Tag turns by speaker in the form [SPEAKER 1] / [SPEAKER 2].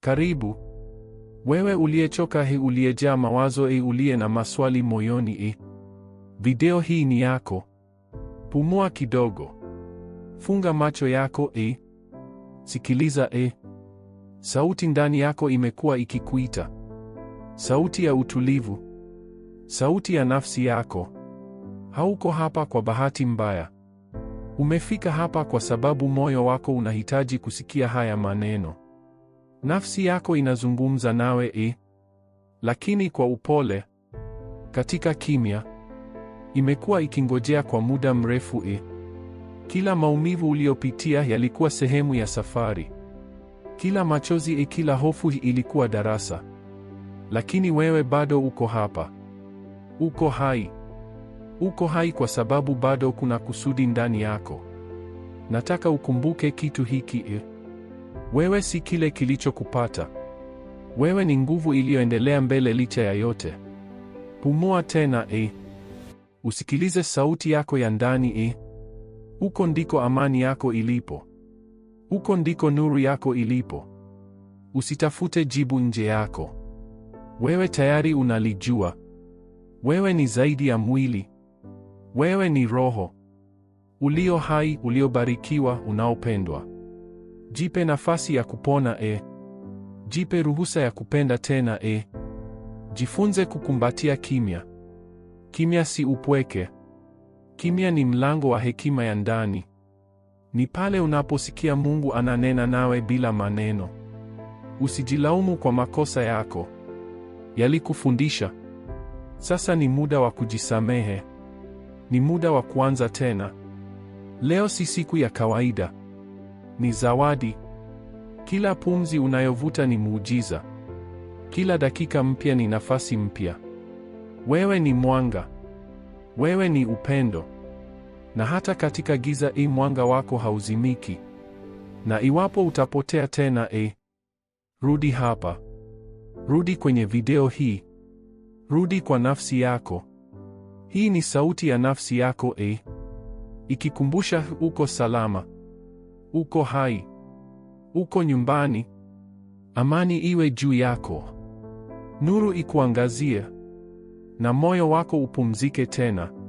[SPEAKER 1] Karibu wewe uliyechoka, hii uliyejaa mawazo, hii e uliye na maswali moyoni, hii e. video hii ni yako. Pumua kidogo, funga macho yako, e sikiliza, e sauti ndani yako imekuwa ikikuita, sauti ya utulivu, sauti ya nafsi yako. Hauko hapa kwa bahati mbaya. Umefika hapa kwa sababu moyo wako unahitaji kusikia haya maneno. Nafsi yako inazungumza nawe i, lakini kwa upole, katika kimya. Imekuwa ikingojea kwa muda mrefu i. Kila maumivu uliyopitia yalikuwa sehemu ya safari. Kila machozi i, kila hofu ilikuwa darasa. Lakini wewe bado uko hapa. Uko hai. Uko hai kwa sababu bado kuna kusudi ndani yako. Nataka ukumbuke kitu hiki i. Wewe si kile kilichokupata. Wewe ni nguvu iliyoendelea mbele licha ya yote. Pumua tena eh. Usikilize sauti yako ya ndani eh. Huko ndiko amani yako ilipo. Huko ndiko nuru yako ilipo. Usitafute jibu nje yako. Wewe tayari unalijua. Wewe ni zaidi ya mwili. Wewe ni roho. Ulio hai, uliobarikiwa, unaopendwa. Jipe nafasi ya kupona e. Jipe ruhusa ya kupenda tena e. Jifunze kukumbatia kimya. Kimya si upweke. Kimya ni mlango wa hekima ya ndani. Ni pale unaposikia Mungu ananena nawe bila maneno. Usijilaumu kwa makosa yako. Yalikufundisha. Sasa ni muda wa kujisamehe. Ni muda wa kuanza tena. Leo si siku ya kawaida ni zawadi. Kila pumzi unayovuta ni muujiza. Kila dakika mpya ni nafasi mpya. Wewe ni mwanga. Wewe ni upendo. Na hata katika giza i mwanga wako hauzimiki. Na iwapo utapotea tena e, rudi hapa. Rudi kwenye video hii. Rudi kwa nafsi yako. Hii ni sauti ya nafsi yako e, ikikumbusha uko salama uko hai, uko nyumbani. Amani iwe juu yako, nuru ikuangazie, na moyo wako upumzike tena.